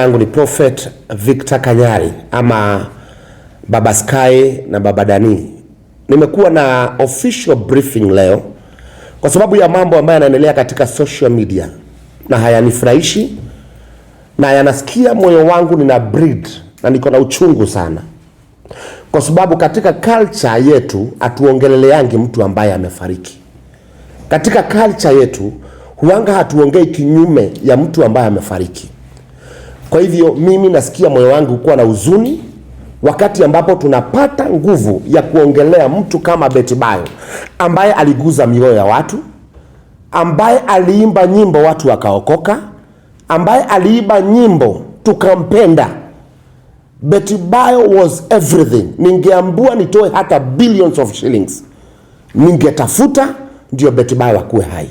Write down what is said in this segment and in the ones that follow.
yangu ni Prophet Victor Kanyari ama Baba Sky na Baba Dani. Nimekuwa na official briefing leo kwa sababu ya mambo ambayo yanaendelea katika social media na hayanifurahishi na yanasikia moyo wangu nina breed na niko na uchungu sana, kwa sababu katika culture yetu hatuongeleleangi mtu ambaye amefariki. Katika culture yetu huanga hatuongei kinyume ya mtu ambaye amefariki kwa hivyo mimi nasikia moyo wangu kuwa na huzuni wakati ambapo tunapata nguvu ya kuongelea mtu kama Betty Bayo ambaye aliguza mioyo ya watu, ambaye aliimba nyimbo watu wakaokoka, ambaye aliimba nyimbo tukampenda. Betty Bayo was everything. Ningeambua nitoe hata billions of shillings, ningetafuta ndio Betty Bayo akuwe hai,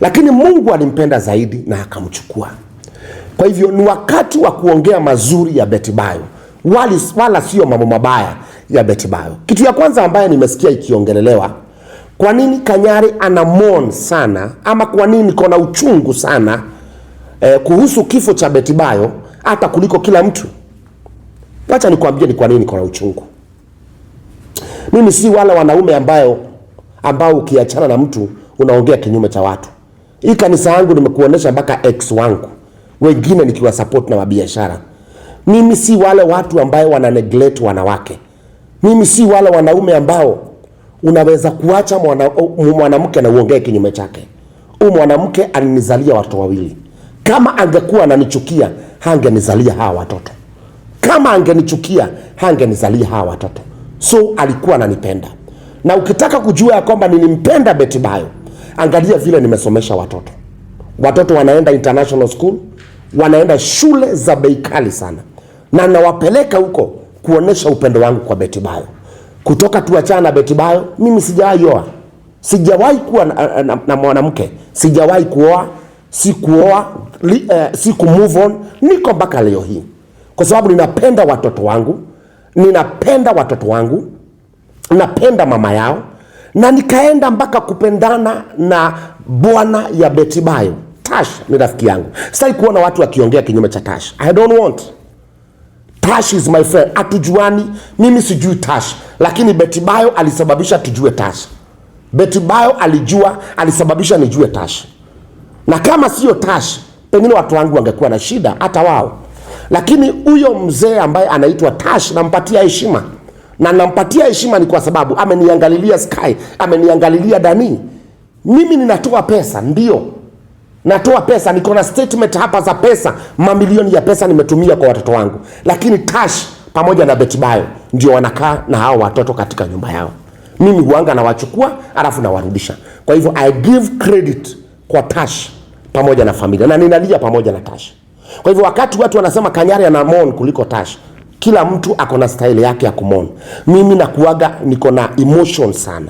lakini Mungu alimpenda zaidi na akamchukua. Kwa hivyo ni wakati wa kuongea mazuri ya BETBAYO wali, wala sio mambo mabaya ya Bayo. Kitu ya kwanza ambayo nimesikia ikiongelelewa, kwa nini Kanyari ana sana ama kwa nini kona uchungu sana eh, kuhusu kifo cha Bayo hata kuliko kila mtu. Wacha nikwambie ni kwa nini kona uchungu. Mimi si wala wanaume ambayo ambao ukiachana na mtu unaongea kinyume cha watu. Hii kanisa yangu nimekuonesha mpaka ex wangu wengine support na wabiashara. Mimi si wale watu ambao wana neglect wanawake. Mimi si wale wanaume ambao unaweza kuacha mwanamke na uongee kinyume chake. Huyu mwanamke alinizalia watoto wawili. Kama angekuwa ananichukia, hangenizalia hawa watoto. Kama angenichukia, hangenizalia hawa watoto. So alikuwa ananipenda. Na ukitaka kujua ya kwamba nilimpenda Betty Bayo, angalia vile nimesomesha watoto. Watoto wanaenda international school, wanaenda shule za bei kali sana, na nawapeleka huko kuonesha upendo wangu kwa Betty Bayo. Kutoka tuachana na Betty Bayo, mimi sijawahi oa, sijawahi kuwa na, eh, na, na mwanamke, sijawahi kuoa, sikuoa, uh, siku move on, niko mpaka leo hii kwa sababu ninapenda watoto wangu, ninapenda watoto wangu, napenda mama yao, na nikaenda mpaka kupendana na bwana ya Betty Bayo. Tash ni rafiki yangu. Sitaki kuona watu wakiongea kinyume cha Tash. I don't want. Tash is my friend. Atujuani, mimi sijui Tash, lakini Betty Bayo alisababisha tujue Tash. Betty Bayo alijua, alisababisha nijue Tash. Na kama sio Tash, pengine watu wangu wangekuwa na shida hata wao. Lakini huyo mzee ambaye anaitwa Tash nampatia heshima. Na nampatia heshima ni kwa sababu ameniangalilia Sky, ameniangalilia Dani. Mimi ninatoa pesa ndio natoa pesa, niko na statement hapa za pesa, mamilioni ya pesa nimetumia kwa watoto wangu, lakini cash pamoja na Betbayo ndio wanakaa na hao watoto katika nyumba yao. Mimi huanga nawachukua alafu nawarudisha. Kwa hivyo I give credit kwa Tash pamoja na familia na ninalia pamoja na Tash. Kwa hivyo wakati watu wanasema Kanyari ana mon kuliko Tash, kila mtu ako na style yake ya kumon. Mimi nakuaga niko na emotion sana,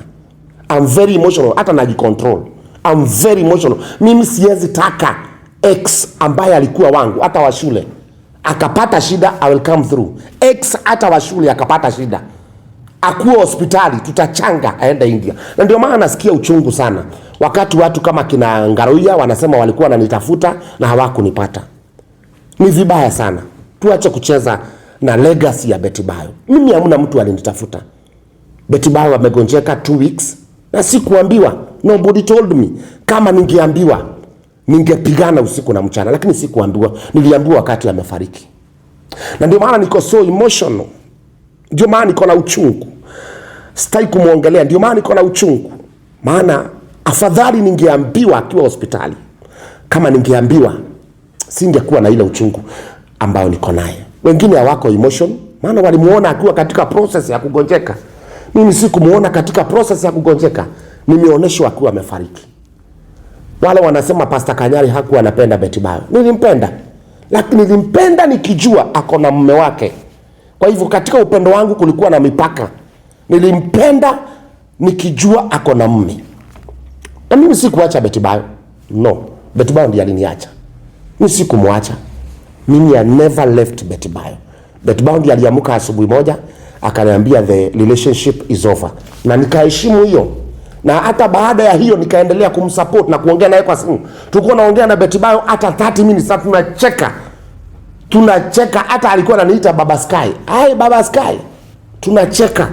I'm very emotional, hata najicontrol I'm very emotional. Mimi siwezi taka ex ambaye alikuwa wangu hata wa shule akapata shida, I will come through. Ex hata wa shule akapata shida, akuwa hospitali, tutachanga aende India. Na ndio maana nasikia uchungu sana wakati watu kama kina Ngaruiya wanasema walikuwa wananitafuta na hawakunipata. Ni vibaya sana, tuache kucheza na legacy ya Betty Bayo. Mimi hamna mtu alinitafuta. Betty Bayo amegonjeka 2 weeks na sikuambiwa Nobody told me. Kama ningeambiwa ningepigana usiku na mchana, lakini sikuambiwa. Niliambiwa wakati amefariki, na ndio maana niko so emotional, ndio maana niko na uchungu. Sitaki kumwongelea, ndio maana niko na uchungu, maana afadhali ningeambiwa akiwa hospitali. Kama ningeambiwa, singekuwa na ile uchungu ambao niko naye. Wengine hawako emotional, maana walimuona akiwa katika process ya kugonjeka. Mimi sikumuona katika process ya kugonjeka nimeoneshwa akiwa amefariki. Wale wanasema Pastor Kanyari hakuwa anapenda Betty Bayo. Nilimpenda. Lakini nilimpenda nikijua ako na mume wake. Kwa hivyo katika upendo wangu kulikuwa na mipaka. Nilimpenda nikijua ako na mume. Na mimi sikuacha Betty Bayo. No. Betty Bayo ndiye aliniacha. Mimi sikumwacha. Mimi I never left Betty Bayo. Betty Bayo ndiye aliamka asubuhi moja akaniambia the relationship is over. Na nikaheshimu hiyo na hata baada ya hiyo nikaendelea kumsupport na kuongea naye kwa simu. Tulikuwa naongea na Bayo hata 30 minutes, na tunacheka tunacheka, hata alikuwa ananiita baba Sky, ai baba Sky, tunacheka.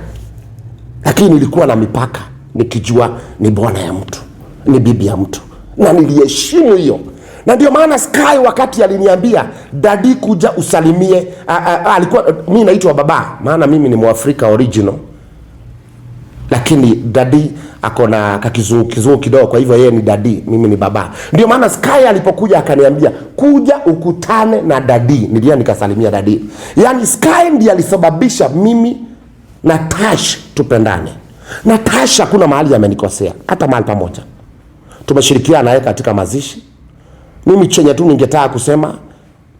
Lakini nilikuwa na mipaka, nikijua ni bwana ya mtu, ni bibi ya mtu, na niliheshimu hiyo na ndio maana Sky wakati aliniambia dadi, kuja usalimie a, a, a, alikuwa mimi naitwa baba, maana mimi ni Mwafrika original, lakini dadi ako na kakizuu kizuu kidogo, kwa hivyo yeye ni dadi, mimi ni baba. Ndio maana Sky alipokuja akaniambia kuja ukutane na dadi, nilia nikasalimia dadi. Yani Sky ndiye alisababisha mimi na Tash tupendane, na Tash hakuna mahali amenikosea hata mahali pamoja. Tumeshirikiana naye katika mazishi. Mimi chenye tu ningetaka kusema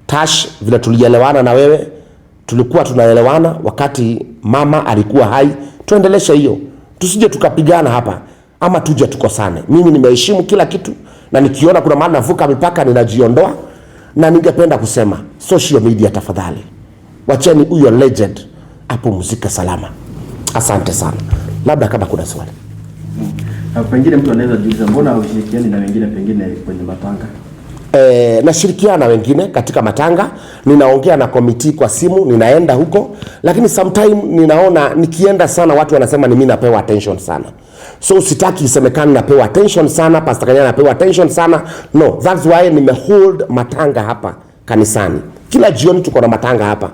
Tash, vile tulielewana na wewe, tulikuwa tunaelewana wakati mama alikuwa hai, tuendeleshe hiyo tusije tukapigana hapa ama tuje tukosane. Mimi nimeheshimu kila kitu, na nikiona kuna maana navuka mipaka ninajiondoa. Na ningependa kusema social media, tafadhali wacheni huyo legend apumzike salama. Asante sana, labda kama kuna swali pengine mtu anaweza jiuliza, mbona ushirikiani na wengine pengine kwenye matanga? E, nashirikiana na wengine katika matanga, ninaongea na komiti kwa simu, ninaenda huko, lakini sometime ninaona nikienda sana watu wanasema ni mimi napewa attention sana, so sitaki isemekane napewa attention sana, Pastor Kanyana napewa attention sana. No, that's why nimehold matanga hapa kanisani. Kila jioni tuko na matanga hapa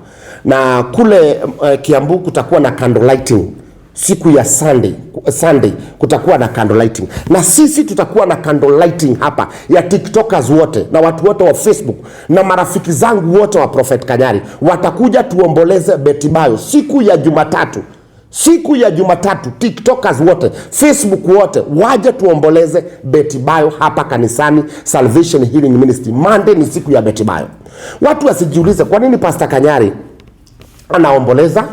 na kule, uh, Kiambu kutakuwa na candle lighting siku ya Sunday, Sunday kutakuwa na candle lighting, na sisi tutakuwa na candle lighting hapa ya tiktokers wote na watu wote wa Facebook na marafiki zangu wote wa Prophet Kanyari watakuja tuomboleze Betty Bayo siku ya Jumatatu siku ya Jumatatu, tiktokers wote, Facebook wote waje tuomboleze Betty Bayo hapa kanisani Salvation Healing Ministry. Monday ni siku ya Betty Bayo. Watu wasijiulize kwa nini Pastor Kanyari anaomboleza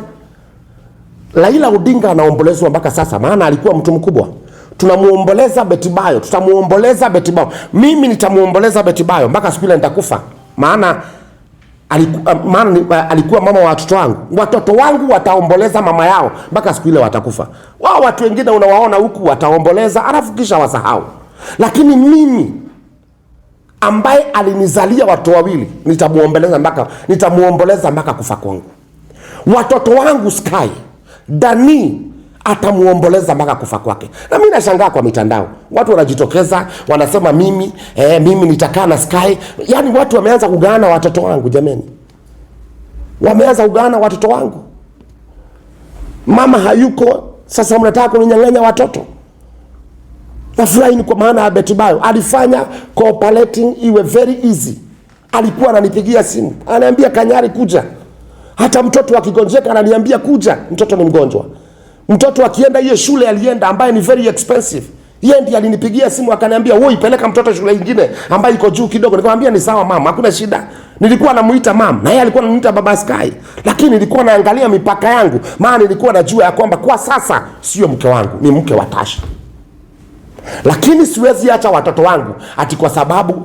Raila Odinga anaombolezwa mpaka sasa, maana alikuwa mtu mkubwa. Tunamuomboleza Bayo, tutamuomboleza Bayo, mimi nitamuomboleza Bayo mpaka siku ile nitakufa, maana alikuwa, eh, maana eh, alikuwa mama wa watoto wangu. Watoto wangu wataomboleza mama yao mpaka siku ile watakufa. Wao watu wengine unawaona huku wataomboleza, alafu kisha wasahau, lakini mimi ambaye alinizalia watu wawili nitamuomboleza mpaka nitamuomboleza mpaka kufa kwangu. Watoto wangu Sky Dani atamuomboleza mpaka kufa kwake. Na mimi nashangaa kwa mitandao, watu wanajitokeza wanasema mimi eh, mimi nitakaa na Sky. Yaani watu wameanza kugana watoto wangu, jameni, wameanza kugana watoto wangu. Mama hayuko sasa, mnataka kuninyang'anya watoto. Nafurahi ni kwa maana ya Betibayo alifanya cooperating iwe very easy. Alikuwa ananipigia simu, anaambia Kanyari kuja hata mtoto akigonjeka ananiambia kuja, mtoto ni mgonjwa. Mtoto akienda hiyo shule alienda ambaye ni very expensive, yeye ndiye alinipigia simu akaniambia, wewe ipeleka mtoto shule nyingine ambayo iko juu kidogo. Nikamwambia ni sawa mama, hakuna shida. Nilikuwa namuita mama na yeye alikuwa ananiita baba Sky, lakini nilikuwa naangalia mipaka yangu, maana nilikuwa najua ya kwamba kwa sasa sio mke wangu, ni mke wa Tasha, lakini siwezi acha watoto wangu ati kwa sababu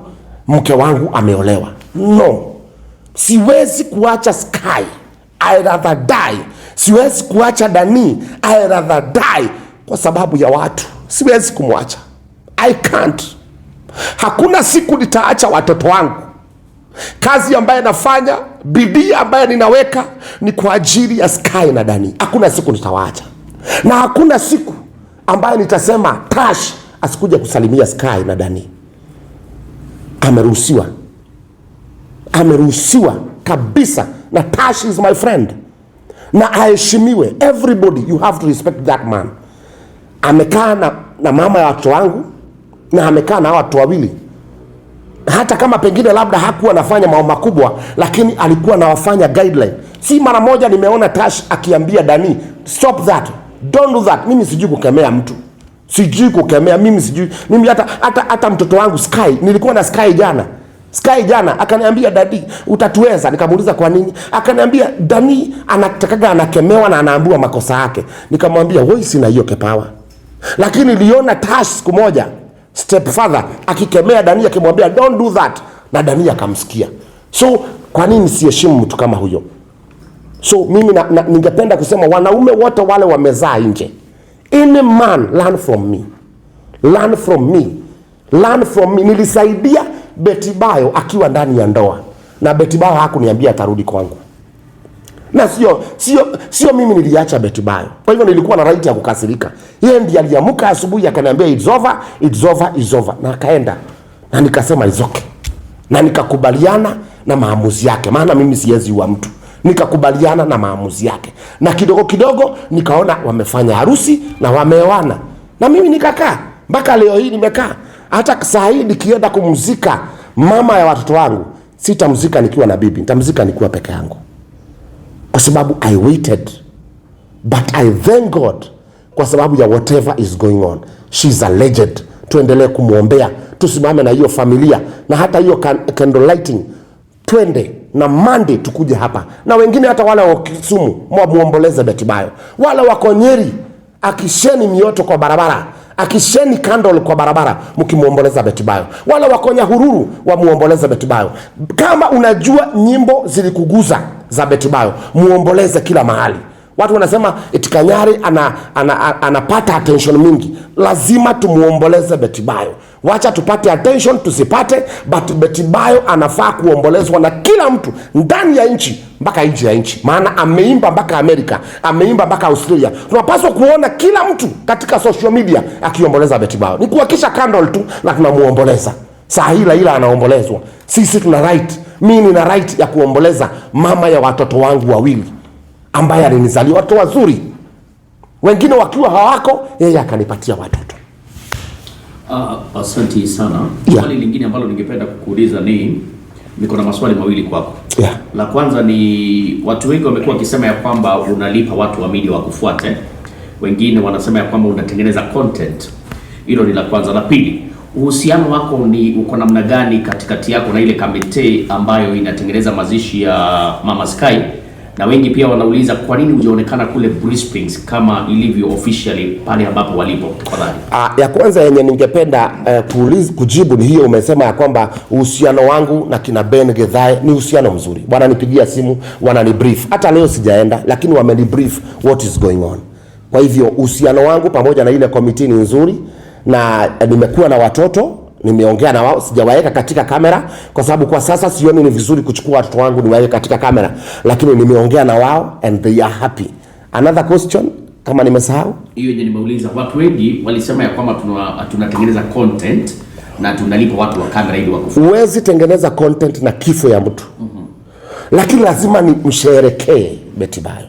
mke wangu ameolewa. No, siwezi kuacha Sky I rather die. Siwezi kuacha Dani, I rather die kwa sababu ya watu. Siwezi kumwacha, I can't. Hakuna siku nitaacha watoto wangu. Kazi ambayo nafanya, bidii ambayo ninaweka ni kwa ajili ya Sky na Dani. Hakuna siku nitawaacha, na hakuna siku ambayo nitasema Tash asikuja kusalimia Sky na Dani. Ameruhusiwa, ameruhusiwa kabisa na Tash is my friend na aheshimiwe. Everybody you have to respect that man. Amekaa na, na mama ya watoto wangu na amekaa na watu wawili, hata kama pengine labda hakuwa anafanya mambo makubwa, lakini alikuwa anawafanya guideline. Si mara moja nimeona Tash akiambia Dani, stop that, don't do that. Mimi sijui kukemea mtu, sijui kukemea mimi, sijui mimi hata hata hata mtoto wangu Sky, nilikuwa na Sky jana Sky jana akaniambia dadi, utatuweza? Nikamuuliza kwa nini, akaniambia Dani anatakaga anakemewa na anaambiwa makosa yake. Nikamwambia wewe sina hiyo kepawa, lakini niliona Tash siku moja step father akikemea Dani akimwambia don't do that, na Dani akamsikia. So kwa nini siheshimu mtu kama huyo? So mimi na, na, ningependa kusema wanaume wote wale wamezaa nje, any man learn from me, learn from me, learn from me. Nilisaidia Bayo akiwa ndani ya ndoa, na Bayo hakuniambia atarudi kwangu, na sio sio sio mimi niliacha Bayo. Kwa hivyo nilikuwa na right ya kukasirika. Yeye ndiye aliamka asubuhi akaniambia it's over, it's over, it's over, na akaenda na nikasema it's okay, na nikakubaliana na maamuzi yake, maana mimi siwezi wa mtu nikakubaliana na maamuzi yake, na kidogo kidogo nikaona wamefanya harusi na wameoana, na mimi nikakaa mpaka leo hii nimekaa hata saa hii nikienda kumzika mama ya watoto wangu, sitamzika nikiwa na bibi, nitamzika nikiwa peke yangu, kwa sababu I waited but I thank God kwa sababu ya whatever is going on, she is a legend. Tuendelee kumwombea, tusimame na hiyo familia na hata hiyo candle lighting, twende na mande tukuje hapa na wengine, hata wale wa Kisumu mwamuomboleze Betibayo, wale wako Nyeri, akisheni mioto kwa barabara. Akisheni kandol kwa barabara mkimuomboleza Betibayo, wala wakonya hururu wamuomboleze Betibayo. Kama unajua nyimbo zilikuguza za Betibayo, muomboleze kila mahali. Watu wanasema eti Kanyari ana, ana, ana, anapata attention mingi. Lazima tumuomboleze Betibayo. Wacha tupate attention tusipate, but Betibayo anafaa kuombolezwa na kila mtu ndani ya nchi mpaka nje ya nchi, maana ameimba mpaka Amerika, ameimba mpaka Australia. Tunapaswa kuona kila mtu katika social media akiomboleza Betibayo, ni kuhakisha candle tu na tunamuomboleza saa hii Raila anaombolezwa. Sisi tuna right, mimi nina right ya kuomboleza mama ya watoto wangu wawili ambaye alinizalia watoto wazuri, wengine wakiwa hawako, yeye akanipatia watoto. Uh, ah, asanti sana yeah. lingine ambalo ningependa kukuuliza ni niko na maswali mawili kwako yeah. La kwanza ni watu wengi wamekuwa wakisema ya kwamba unalipa watu wa media wakufuate, wengine wanasema ya kwamba unatengeneza content. Hilo ni la kwanza. La pili, uhusiano wako ni uko namna gani katikati yako na ile kamite ambayo inatengeneza mazishi ya Mama Sky na wengi pia wanauliza kwa nini hujaonekana kule Bruce Springs kama ilivyo officially pale ambapo walipo. Tafadhali. Ah, ya kwanza yenye ningependa uh, kujibu ni hiyo umesema ya kwamba uhusiano wangu na kina Ben Gedhae ni uhusiano mzuri. Wananipigia simu, brief. Hata leo sijaenda lakini brief what is going on. Kwa hivyo uhusiano wangu pamoja na ile komiti ni nzuri na eh, nimekuwa na watoto nimeongea na wao, sijawaweka katika kamera kwa sababu kwa sasa sioni ni vizuri kuchukua watoto wangu niwaweke katika kamera, lakini nimeongea na wao and they are happy. Another question kama nimesahau hiyo yenye nimeuliza, watu wengi walisema ya kwamba tunatengeneza tuna content na tunalipa watu wa kamera ili wakufu. Huwezi tengeneza content na kifo ya mtu mm -hmm. Lakini lazima ni msherekee Betty Bayo.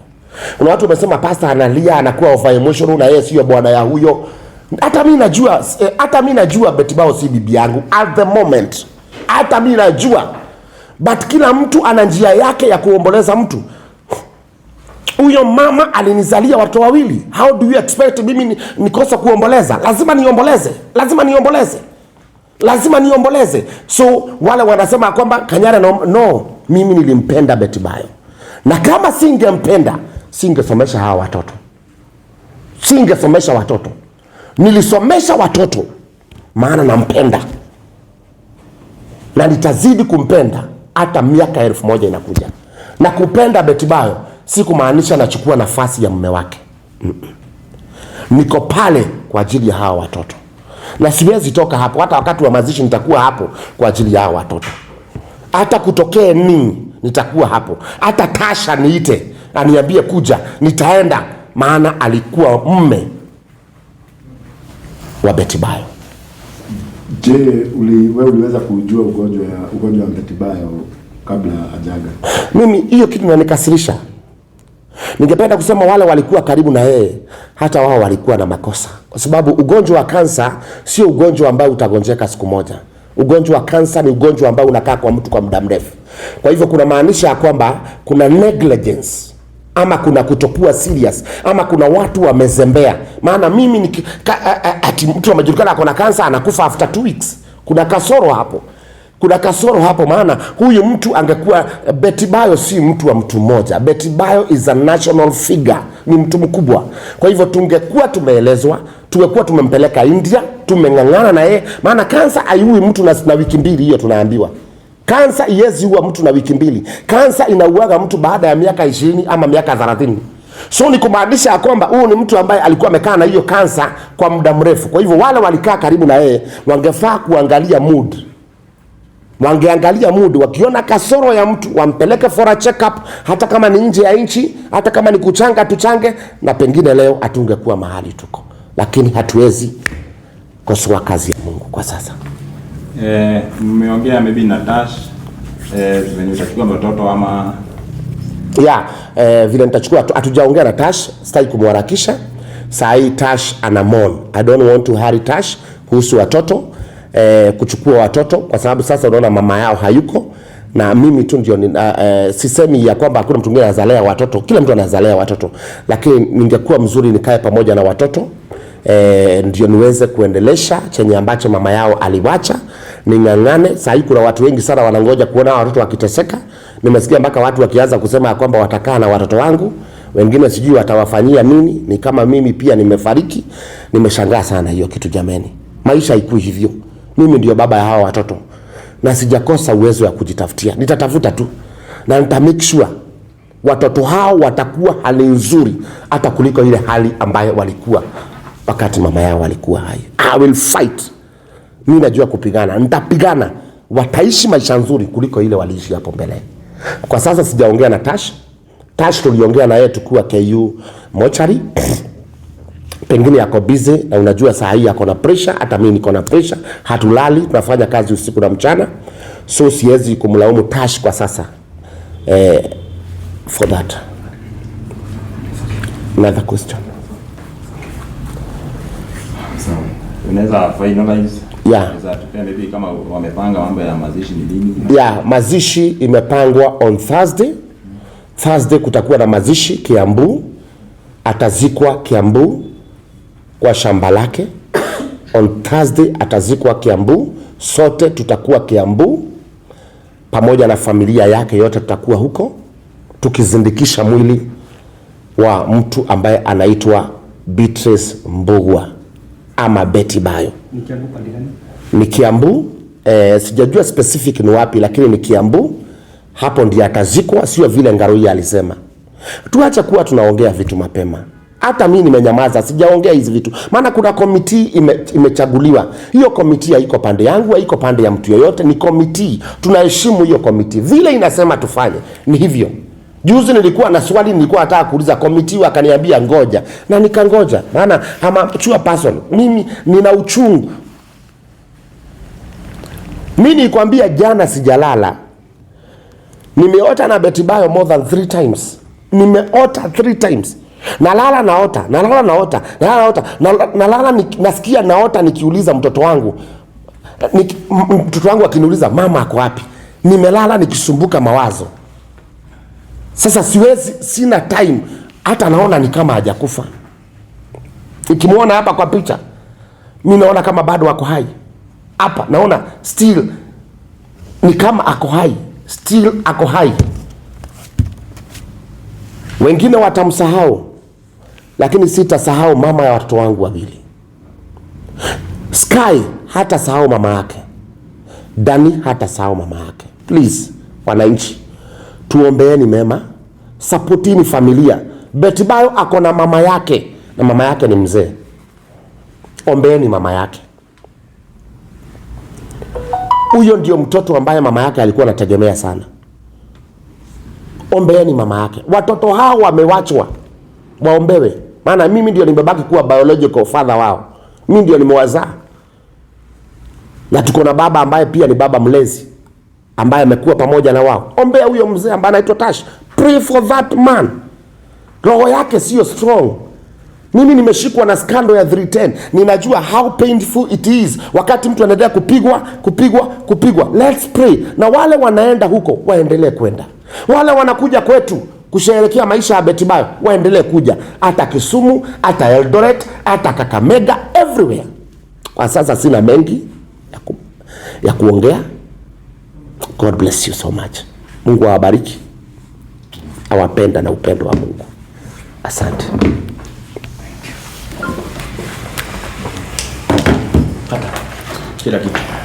Kuna watu wamesema pasta analia anakuwa over emotional na yeye sio bwana ya huyo hata mi najua, eh, hata mi najua Betibao si bibi yangu at the moment, hata mi najua, but kila mtu ana njia yake ya kuomboleza mtu. Huyo mama alinizalia watoto wawili, how do you expect mimi nikosa kuomboleza? Lazima niomboleze, lazima niomboleze, lazima niomboleze. So wale wanasema kwamba Kanyara no, no, mimi nilimpenda Betibayo, na kama singempenda singesomesha hawa watoto, singesomesha watoto nilisomesha watoto maana nampenda na nitazidi kumpenda hata miaka elfu moja inakuja. Na kupenda Betibayo si kumaanisha nachukua nafasi ya mume wake. Niko pale kwa ajili ya hawa watoto na siwezi toka hapo. Hata wakati wa mazishi nitakuwa hapo kwa ajili ya hawa watoto, hata kutokee nini nitakuwa hapo. Hata Tasha niite aniambie kuja, nitaenda, maana alikuwa mme wa Betibayo. Je, uli, wewe uliweza kujua ugonjwa ugonjwa wa Betibayo kabla ajaga? Mimi hiyo kitu nanikasirisha Ningependa kusema wale walikuwa karibu na yeye, hata wao walikuwa na makosa, kwa sababu ugonjwa wa kansa sio ugonjwa ambao utagonjeka siku moja. Ugonjwa wa kansa ni ugonjwa ambao unakaa kwa mtu kwa muda mrefu. Kwa hivyo kuna maanisha ya kwamba kuna negligence ama kuna kutokuwa serious ama kuna watu wamezembea. Maana mimi ni ati mtu amejulikana ako na kansa anakufa after two weeks. Kuna kasoro hapo, kuna kasoro hapo. Maana huyu mtu angekuwa, Betty Bayo si mtu wa mtu mmoja. Betty Bayo is a national figure, ni mtu mkubwa. Kwa hivyo tungekuwa tumeelezwa, tungekuwa tumempeleka India, tumeng'ang'ana na yeye, maana kansa haiui mtu na, na wiki mbili hiyo tunaambiwa Kansa iwezi ua mtu na wiki mbili. Kansa inauaga mtu baada ya miaka ishirini ama miaka thelathini. So ni kumaanisha ya kwamba huu ni mtu ambaye alikuwa amekaa na hiyo kansa kwa muda mrefu. Kwa hivyo wale walikaa karibu na yeye wangefaa kuangalia mood, wangeangalia mood. Wakiona kasoro ya mtu wampeleke for a check up, hata kama ni nje ya nchi, hata kama ni kuchanga tuchange, na pengine leo atungekuwa mahali tuko, lakini hatuwezi kosoa kazi ya Mungu kwa sasa. Eh, mmeongea maybe na eh, ama eh, vile nitachukua, hatujaongea na Tash, sitaki kumharakisha saa hii. Tash ana mourn, I don't want to hurry Tash kuhusu watoto eh, kuchukua watoto, kwa sababu sasa unaona mama yao hayuko na mimi tu ndio uh, uh, sisemi ya kwamba hakuna mtu mwingine anazalea watoto, kila mtu anazalea watoto, lakini ningekuwa mzuri nikae pamoja na watoto e, ndio niweze kuendelesha chenye ambacho mama yao aliwacha, ning'ang'ane. Sasa kuna watu wengi sana wanangoja kuona watoto wakiteseka. Nimesikia mpaka watu wakianza kusema ya kwamba watakaa na watoto wangu, wengine sijui watawafanyia nini. Ni kama mimi pia nimefariki. Nimeshangaa sana hiyo kitu jameni, maisha haikuwi hivyo. Mimi ndio baba ya hawa watoto na sijakosa uwezo wa kujitafutia, nitatafuta tu na nita make sure watoto hao watakuwa hali nzuri hata kuliko ile hali ambayo walikuwa wakati mama yao alikuwa hai. I will fight. Mimi najua kupigana, nitapigana. Wataishi maisha nzuri kuliko ile waliishi hapo mbele. Kwa sasa sijaongea na Tash. Tash tuliongea na yeye tukiwa KU mochari pengine yako busy na unajua saa hii yako na pressure, hata mimi niko na pressure, hatulali, tunafanya kazi usiku na mchana, so siwezi kumlaumu Tash kwa sasa eh, for that another question Yeah. Kama wamepanga mambo ya mazishi ni Yeah, mazishi imepangwa on Thursday. Thursday kutakuwa na mazishi Kiambu, atazikwa Kiambu kwa shamba lake. On Thursday atazikwa Kiambu, sote tutakuwa Kiambu pamoja na familia yake yote, tutakuwa huko tukizindikisha mwili wa mtu ambaye anaitwa Beatrice Mbugua ama Beti Bayo ni Kiambu. Eh, sijajua specific ni wapi, lakini ni Kiambu. Hapo ndiye atazikwa, sio vile ngarui alisema. Tuacha kuwa tunaongea vitu mapema. Hata mimi nimenyamaza, sijaongea hizi vitu, maana kuna komiti ime, imechaguliwa. Hiyo komiti haiko pande yangu, haiko pande ya mtu yoyote, ni komiti. Tunaheshimu hiyo komiti, vile inasema tufanye ni hivyo. Juzi nilikuwa na swali nilikuwa nataka kuuliza committee, wakaniambia ngoja, na nikangoja, maana ama chua person, mimi nina uchungu. Mimi nikwambia jana sijalala, nimeota na Bayo more than three times, nimeota three times nalala naota nalala naota nalala naota nalala nasikia naota nikiuliza mtoto wangu ni, mtoto wangu akiniuliza mama ako wapi? Nimelala nikisumbuka mawazo. Sasa siwezi, sina time hata naona ni kama hajakufa. Ukimwona hapa kwa picha, mi naona kama bado ako hai hapa, naona still ni kama ako hai, still ako hai. Wengine watamsahau, lakini sitasahau mama ya watoto wangu wawili. Sky hata sahau mama yake, Dani hata sahau mama yake. Please wananchi tuombeeni mema, sapotini familia. Betibayo ako na mama yake na mama yake ni mzee, ombeeni mama yake. Huyo ndio mtoto ambaye mama yake alikuwa anategemea sana, ombeeni mama yake. Watoto hao wamewachwa waombewe, maana mimi ndio nimebaki kuwa biological father wao, mimi ndio nimewazaa na tuko na baba ambaye pia ni baba mlezi ambaye amekuwa pamoja na wao. Ombea huyo mzee ambaye anaitwa Tash. Pray for that man. Roho yake sio strong. Mimi nimeshikwa na skando ya 310. Ninajua how painful it is wakati mtu anaendelea kupigwa kupigwa kupigwa. Let's pray. Na wale wanaenda huko waendelee kwenda, wale wanakuja kwetu kusherehekea maisha ya Bayo waendelee kuja, hata Kisumu, hata Eldoret, hata Kakamega, everywhere. Kwa sasa sina mengi ya, ku, ya kuongea. God bless you so much. Mungu awabariki, awapenda na upendo wa Mungu. Asante. kila kitu.